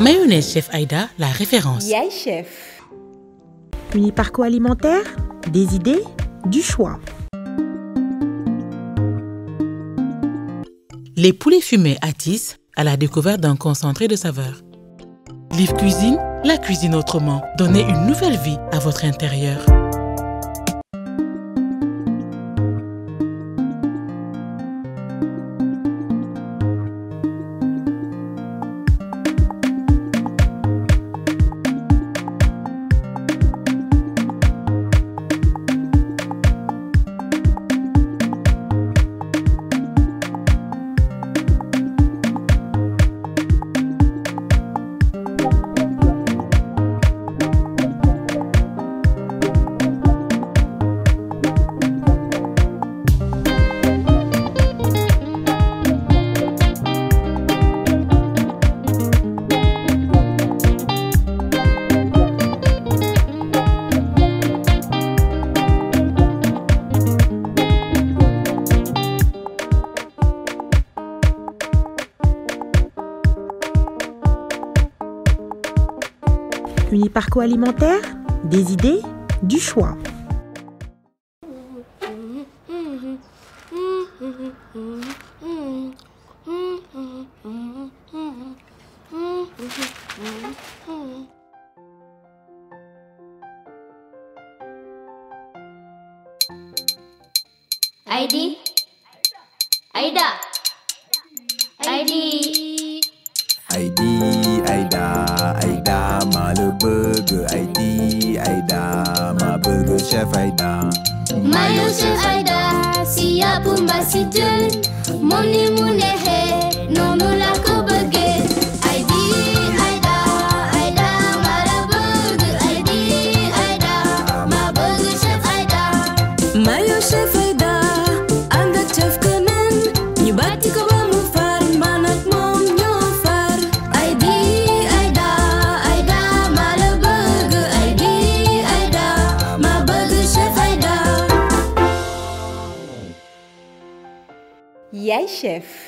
Mayonnaise Chef Aïda, la référence. Yay Chef. Puis parcours alimentaire, des idées, du choix. Les poulets fumés attissent à la découverte d'un concentré de saveurs. Livre Cuisine, la cuisine autrement. Donnez une nouvelle vie à votre intérieur. Mini Parcours Alimentaire, des idées, du choix. bëgg Aïdi Aïda ma bëgg chef Aïda mayo chef Aïda si ya mba si jën moom ni mu non, non. É Chef!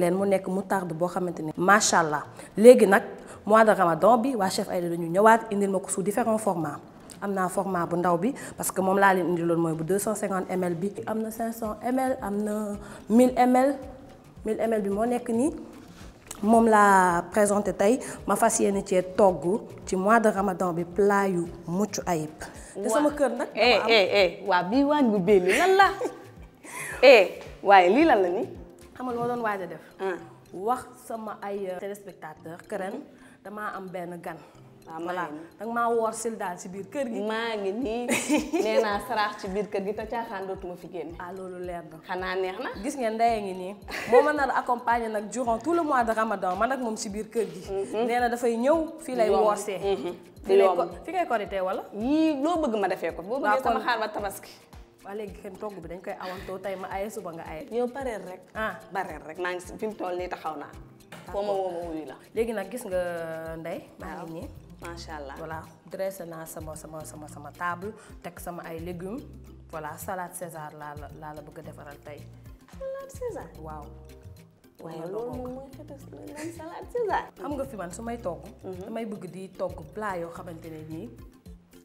leen mu nek moutarde boo xamante ne macha allah léegi mois de ramadan bi wa chef Aïda ñu ñëwaat indil mako ko sous différents formats amna format bu ndaw bi parce que mom la leen indiloon moy bu 250 ml bi am 500 ml amna 1000 ml 1000 ml bi mo nek ni mom la présenté tay ma fas ci cee togg ci mois de ramadan bi plat yu muccu ayib. de sama kër eh, eh eh bii waañ bu béy lan la. Eh, waaye li lan la ni xam nga lu ma doon waaj def. Ah. wax sama ay euh, téléspectateur que ren damaa am benn gan. waaw ah, voilà danga maa woor sil daal ci biir kër gi. maa ngi nii nee naa saraax ci biir kër gi te caaxaan dootuma fi génne. ah loolu leer na. xanaa neex na. gis ngeen ndeye ngi nii moo ma nar accompagner nag durant tout le mois de ramadan man ak moom ci biir kër gi. Mm-hmm. nee na dafay ñëw fii lay woorsee. Mm-hmm. fi ngay korité wala. yii loo bëgg ma defee ko. boo bëggee sama xaar ba tabaski ba léegi xen togg bi dañ koy awantoo tey ma aye suba nga aye ñoo pareel rek ah pareel rek maa ngi fi mu toll nii taxaw naa foo ma woo ma wuyu la léegi nag gis nga ndey maa ngi nii macha ya. allah voilà dressé naa sama sama sama sama table teg sama ay légumes voilà salade César laa la laa la bëgg a defaral tey salade César waaw waaye loolu moom mooy xetas lan salade César xam nga fi man su may togg damay mhm. bëgg di togg plat yoo xamante ne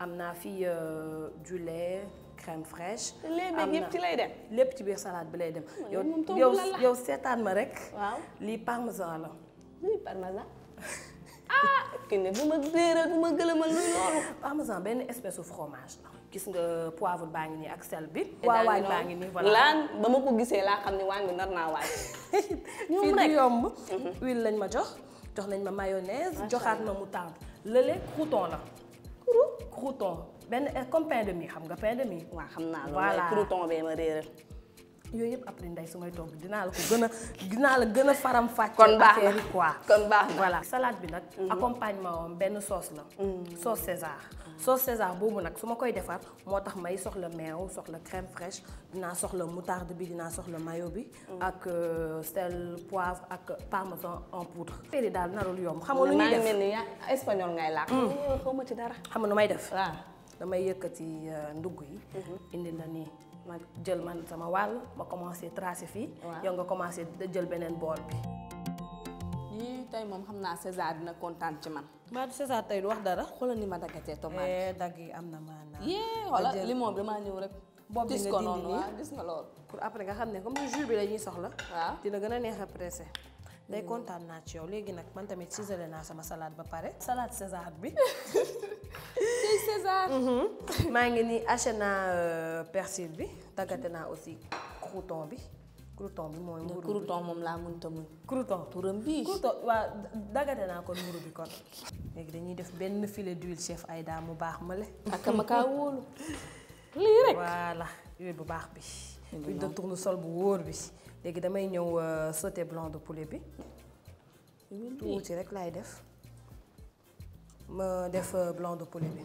amna naa fi euh, du lait crème fraîche. lépp yëpp ci lay dem lépp ci biir salade bi lay dem. Oh, yow yow seetaan ma rek. waaw lii parmesan la. lii parmesan. ah kii ne bu ma réeral bu ma gëlëmal lu loolu. parmesan benn espèce de fromage la. gis nga poivre baa ngi nii ak sel bi. waaw waañ baa ngi nii voilà laan ba ma ko gisee laa xam ne waañ bi nar naa waaj. ñoom rek fii du yomb. Mhm. huile lañ ma jox jox nañ ma mayonnaise. joxaat ma moutarde lële crouton la. crouton benn euh, comme pain de mie xam nga pain de mie. xam naa loolu crouton bee ma réeral. yooyu yëpp après nday su may togg dinaa la ko gën a dinaa la gën a faram fàcce kon baax na quoi kon baax na voilà salade bi nag mhm. accompagnement wam benn sauce la mhm. sauce César sauce César boobu nag su ma koy defar moo tax may soxla meew soxla crème fraîche dinaa soxla moutarde bi dinaa soxla mayo bi mhm. ak euh, sel poivre ak parmesan en poudre péri daal narul yomb xam nga lu ñuy def mel ni espagnol ngay làkk hmm. oh, xaw ma ci dara xam nga nu may def damay yëkkati euh, ndugg yi indi la nii ma jël man sama wal ma commencé tracer fi yow nga commencé jël benen bool bi. yi tay mom xamna César dina kontaan ci man. ma du César tay du wax dara. xolal ni ma daggatee tomate. Eh, dag yi am na maanaam. yee xoolal limon bi maa ñëw rek. bob bi nga dindi ni gis nga lool pour après nga xam comme jus bi lañuy soxla. dina gëna neex a pressé. day kontaan na ci yow léegi nak man tamit ciselé naa sama salade ba pare. salade César bi. César. Mhm. maa ngi nii haché H&M, euh, naa persil bi daggate naa aussi crouton bi. crouton bi mooy mburu bi moom laa mënta muñ. crouton turam bii. waaw daggate naa kon mburu bi kon. léegi dañuy def benn file d'huile chef Aïda mu baax male. ak ma kaa wóolu. lii rek voilà huile bu baax bi. huile de bu wóor bi. léegi damay ñëw euh, sauté blanc de poulet bi. rek laay def. ma def euh, blanc de poulet bi.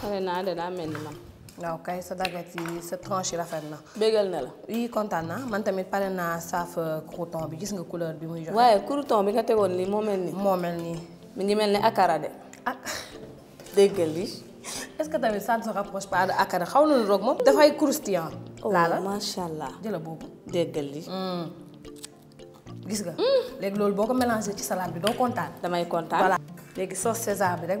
xale naa de la mel ni man. waaw kay sa dagat yi sa tranche yi rafet na. bégal na la. oui kontaan naa man tamit pare na saf euh, crouton bi gis nga couleur bi muy joxe. waaye crouton bi nga tegoon nii moo mel nii. moo mel nii. mi ngi mel ni akara de. ak ah. déggal li est-ce que tamit ça ne se rapproche pas de akara xaw na lu roog moom. dafay croustillant. Oh, laala macha allah jëla boobu. déggal li hmm. gis nga. Hmm. léegi loolu boo ko mélangé ci salade bi doo kontaan. damay kontaan voilà. léegi sauce César bi rek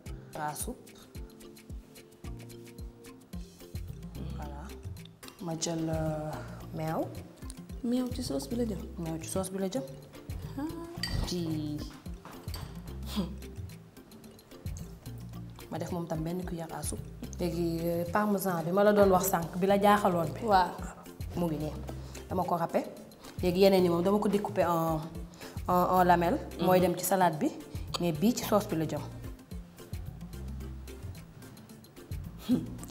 la soupe voilà ma le euh, miel. ci sauce bi la jëm. tu sauce bi la jëm. ci ah. ma def une cuillère à soupe. le euh, parmesan bi ma la wax de bi la jaaxaloon bi. waaw vais ngi nii dama ko râpé léegi yeneen je vais découper en en en lamelles. Mhm. dem ci salade bi mais bii ci sauce bi la sauce.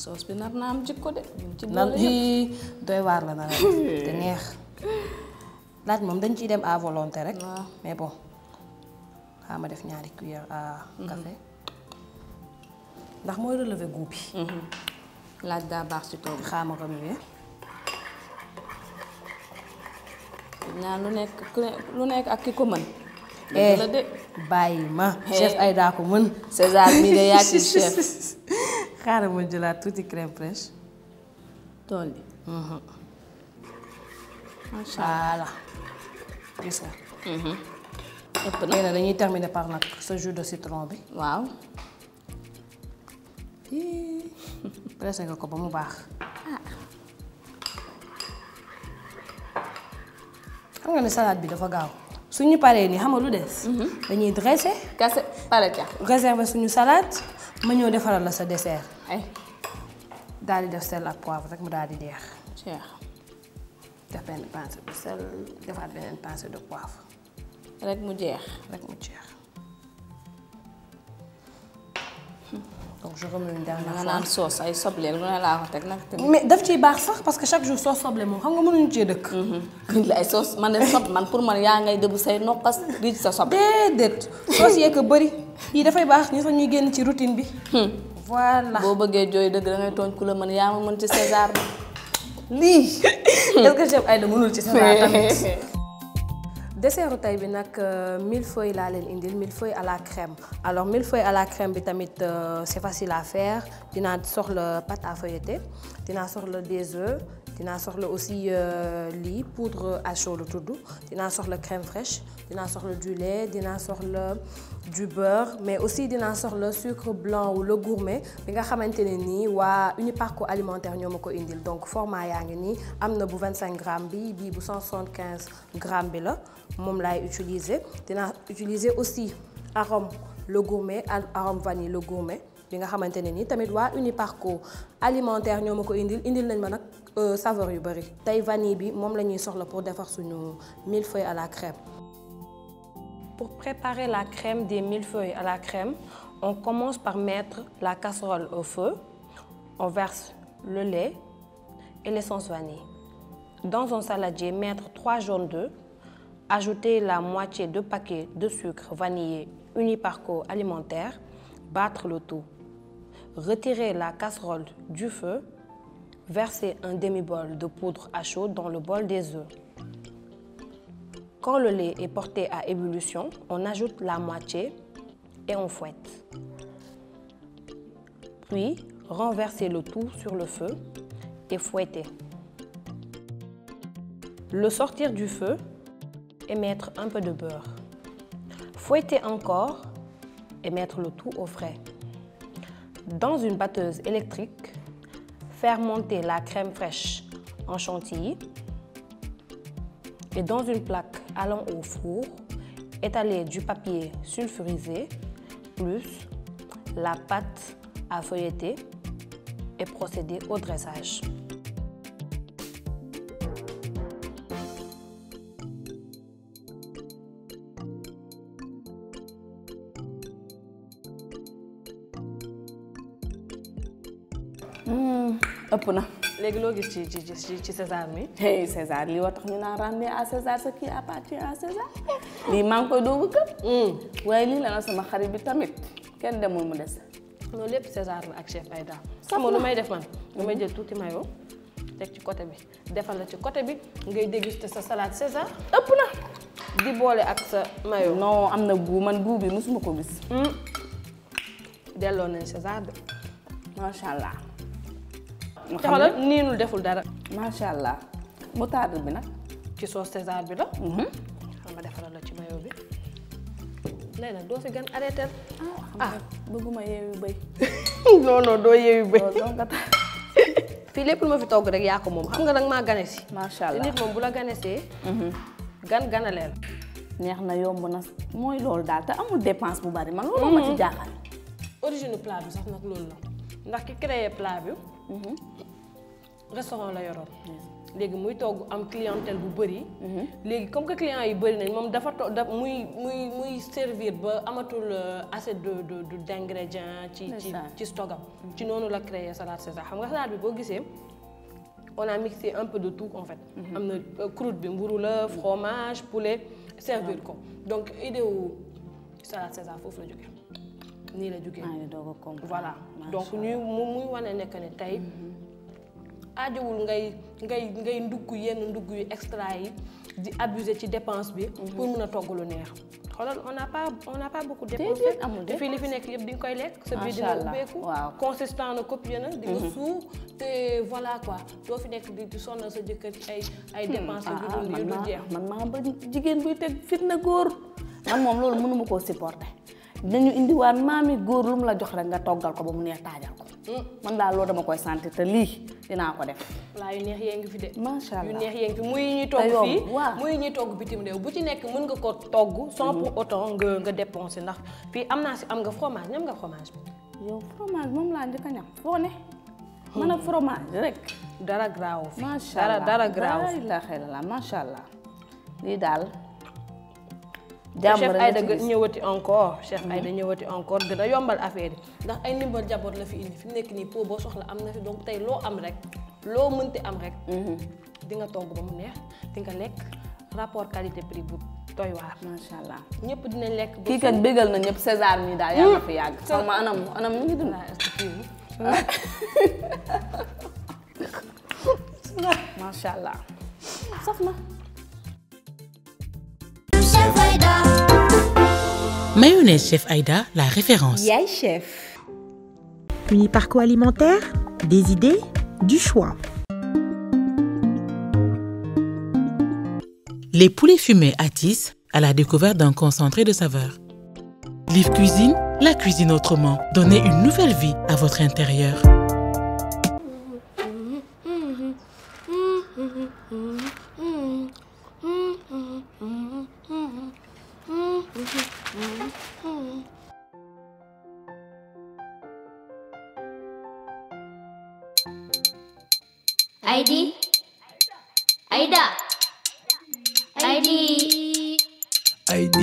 soos bi nar naa am jikko de. ci doy waar la nar te neex. laaj moom dañ ciy dem à volonté rek. mais bon ma def ñaari cuillère à café. ndax mooy relever goût bi. laaj daa baax ci toog xaaral ma remuer. lu nekk lu nekk ak ki mën. ma. chef ay daa ko mën. César mii de yaa chef. xaaral ma jëlaat tuuti crème fraîche dolli. macha allah gis nga. ëpp na nee na dañuy terminer par nag sa jus de uhum. uhum. citron bi. waaw. pressé nga ko ba mu baax. xam nga ne salade bi dafa gaaw. suñu paree nii xam nga lu des. dañuy uhum. dressé. kase pare ca. réserver suñu salade. ma ñëw defaral la sa dessert ay daal di def sel ak poivre rek mu daal di jeex. jeex def benn pincée de sel defaat beneen pincée de poivre. rek mu jeex rek mu jeex. donc je remue une dernière fois nga naan soos ay soble lu ne laa ko teg nag. mais daf ciy baax sax parce que chaque jour soos soble moom xam nga mënuñu cee dëkk. nit mm-hmm. la ay soos man de soble man pour man yaa ngay dëbb say nokkas riij sa soble. déedéet soos yee que bëri yii dafay baax ñu sax ñuy génn ci routine bi. Hmm. voilà boo bëggee jooy dëgg da ngay tooñ ku la mën yaa ma mën ci César ba lii. Hmm. est-ce que chef Aïda mënul ci César tamit. dessertu tey bi nag euh, millefeuille laa leen indil mille millefeuille à la crème alors mille millefeuille à la crème bi tamit euh, c'est facile à faire dinaa soxla pâte à feuilleter dinaa soxla des œufs dinaa soxla aussi euh, lii poudre à chaud la tudd dinaa soxla crème fraîche dinaa soxla du lait dinaa soxla du beurre mais aussi dinaa le sucre blanc ou le gourmet bi nga xamante ni wa waa Uniparco alimentaire ni au indil donc format yaa ngi nii am bu 25 grammes bi bi bu 175 grammes bi la moom laay utiliser aussi arôme le gourmet arôme vanille le gourmet bi nga xamante ne ni. tamit waa Uniparco alimentaire ni au indil indil nañ ma nag euh, saveur yu bëri vanille bi moom la sur le pour defar suñu feuilles à la crème. Pour préparer la crème des mille-feuilles à la crème, on commence par mettre la casserole au feu. On verse le lait et l'essence vanille. Dans un saladier, mettre 3 jaunes d'œufs. Ajouter la moitié de paquet de sucre vanillé uniparco alimentaire. Battre le tout. Retirer la casserole du feu. Verser un demi-bol de poudre à chaud dans le bol des œufs. Quand le lait est porté à ébullition, on ajoute la moitié et on fouette. Puis, renverser le tout sur le feu et fouetter. Le sortir du feu et mettre un peu de beurre. Fouetter encore et mettre le tout au frais. Dans une batteuse électrique, faire monter la crème fraîche en chantilly et dans une plaque, Allons au four. Étaler du papier sulfurisé plus la pâte à feuilleter et procéder au dressage. Mmh, léegi loo gis ci ci ci César mi. hey César lii wax tax ñu naa rendre à César ce qui appartient à César lii maa ngi koy doogu këpp. Mm. waaye lii la na sama xarit bi tamit kenn demul mu des. loolu lépp César la ak chef Aïda. sama lu may def man may mm-hmm. jël tuuti mayo teg ci côté bi defal la ci côté bi ngay déguster sa salaat César ëpp na. di boole ak sa mayo. non am na guu man guu bi mosuma ko gis. Mm. delloo nañ César de macha allah. te xoolal niinul deful dara. macha allah moutarde bi nag. ci sauce César bi la. Mhm. xam nga defaral la ci mayo bi. léegi nag doo fi gan arrêté ah, ah. bëgguma yeewu bëy. non doo yeewu bëy. fii lépp lu ma fi togg rek yaa ko moom xam nga nag maa ganesi. macha allah nit moom bu la ganesee. Mhm. gan ganaleel. neex na yomb na mooy loolu daal te amul dépense bu bari man loolu ma ci mhm. jaaxal. origine plat bi sax nag loolu la ndax ki créé plat bi. Mhm. restaurant la yoroon. légui muy togu am clientèle bu bëri. Mhm. légui comme que clients yi bëri nañ mom dafa muy muy muy servir ba amatul euh, assez de de d'ingrédients ci ci ci stogam. Mhm. ci noonu la créer salade César xam nga salade bi bo gisee. on a mixé un peu de tout en fait. amna euh, croûte bi mburu la fromage poulet. servir ah. ko donc idée wu salade César foofu la jógee ni la jugé maa ngi doog comprendre voilà donc ñuy mu muy wone nekk ne tey mm-hmm. aajowul ngay ngay ngay ndugg yenn ndugg yu extra yi di abuser ci dépense bi mm-hmm. pour mun togg lu neex xolal on n'a pas on n'a pas beaucoup de dépensé de fi li fi nek yeb di nga koy lekk sa di dina ubbeeku consistant na copier na di mm-hmm. sou té voilà quoi do fi nek di sonna sa jëkkër ci ay ay hmm. dépenses ah, ah, yu dul jeex man ma ba jigen buy tek fitna gor man mom loolu mënuma koo supporter dañu indi waan maami góor lu mu la jox rek nga toggal ko ba mu neex taajal ko. Hmm. man daal loolu dama koy sentir te lii dinaa ko def. waaw yu neex yaa ngi fi de. macha allah yu neex yaa ngi fi muy ñuy togg fii muy ñuy togg bitim réew bu ci nekk mën nga ko togg. sans hmm. pour autant nga nga dépenser ndax fii am naa si am nga fromage ñam nga fromage bi. yow fromage moom laa njëkk a ñam foo ne. man ak fromage rek. dara graaw. macha allah dara dara graaw. macha allah lii daal jàmm rek nga ci ñëwati encore. Mm-hmm. Cheikh Aïda ñëwati encore gën a yombal affaire yi. ndax ay ndimbal jaboot la fi indi fi mu nekk nii pot boo soxla am na fi donc tey loo am rek loo mënti am rek. Mm-hmm. di nga togg ba mu neex di nga lekk rapport qualité prix bu doy waar. macha allah ñëpp dinañ lek. ba kii kat bégal na ñëpp César nii daal yaa ngi fi yàgg. xam mm-hmm. anam anam mi ngi dund. Ah, macha allah saf Mayonnaise Chef Aïda, la référence. Yay Chef. Mini-parcours alimentaire, des idées, du choix. Les poulets fumés attissent à la découverte d'un concentré de saveurs. Livre Cuisine, la cuisine autrement. Donnez une nouvelle vie à votre intérieur. ID Aïda ID ID.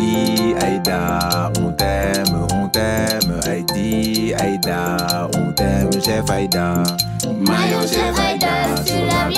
Aïda, on t'aime, on t'aime. ID Aïda, on t'aime, chef Aïda. Maillon, chef Aïda, tu l'as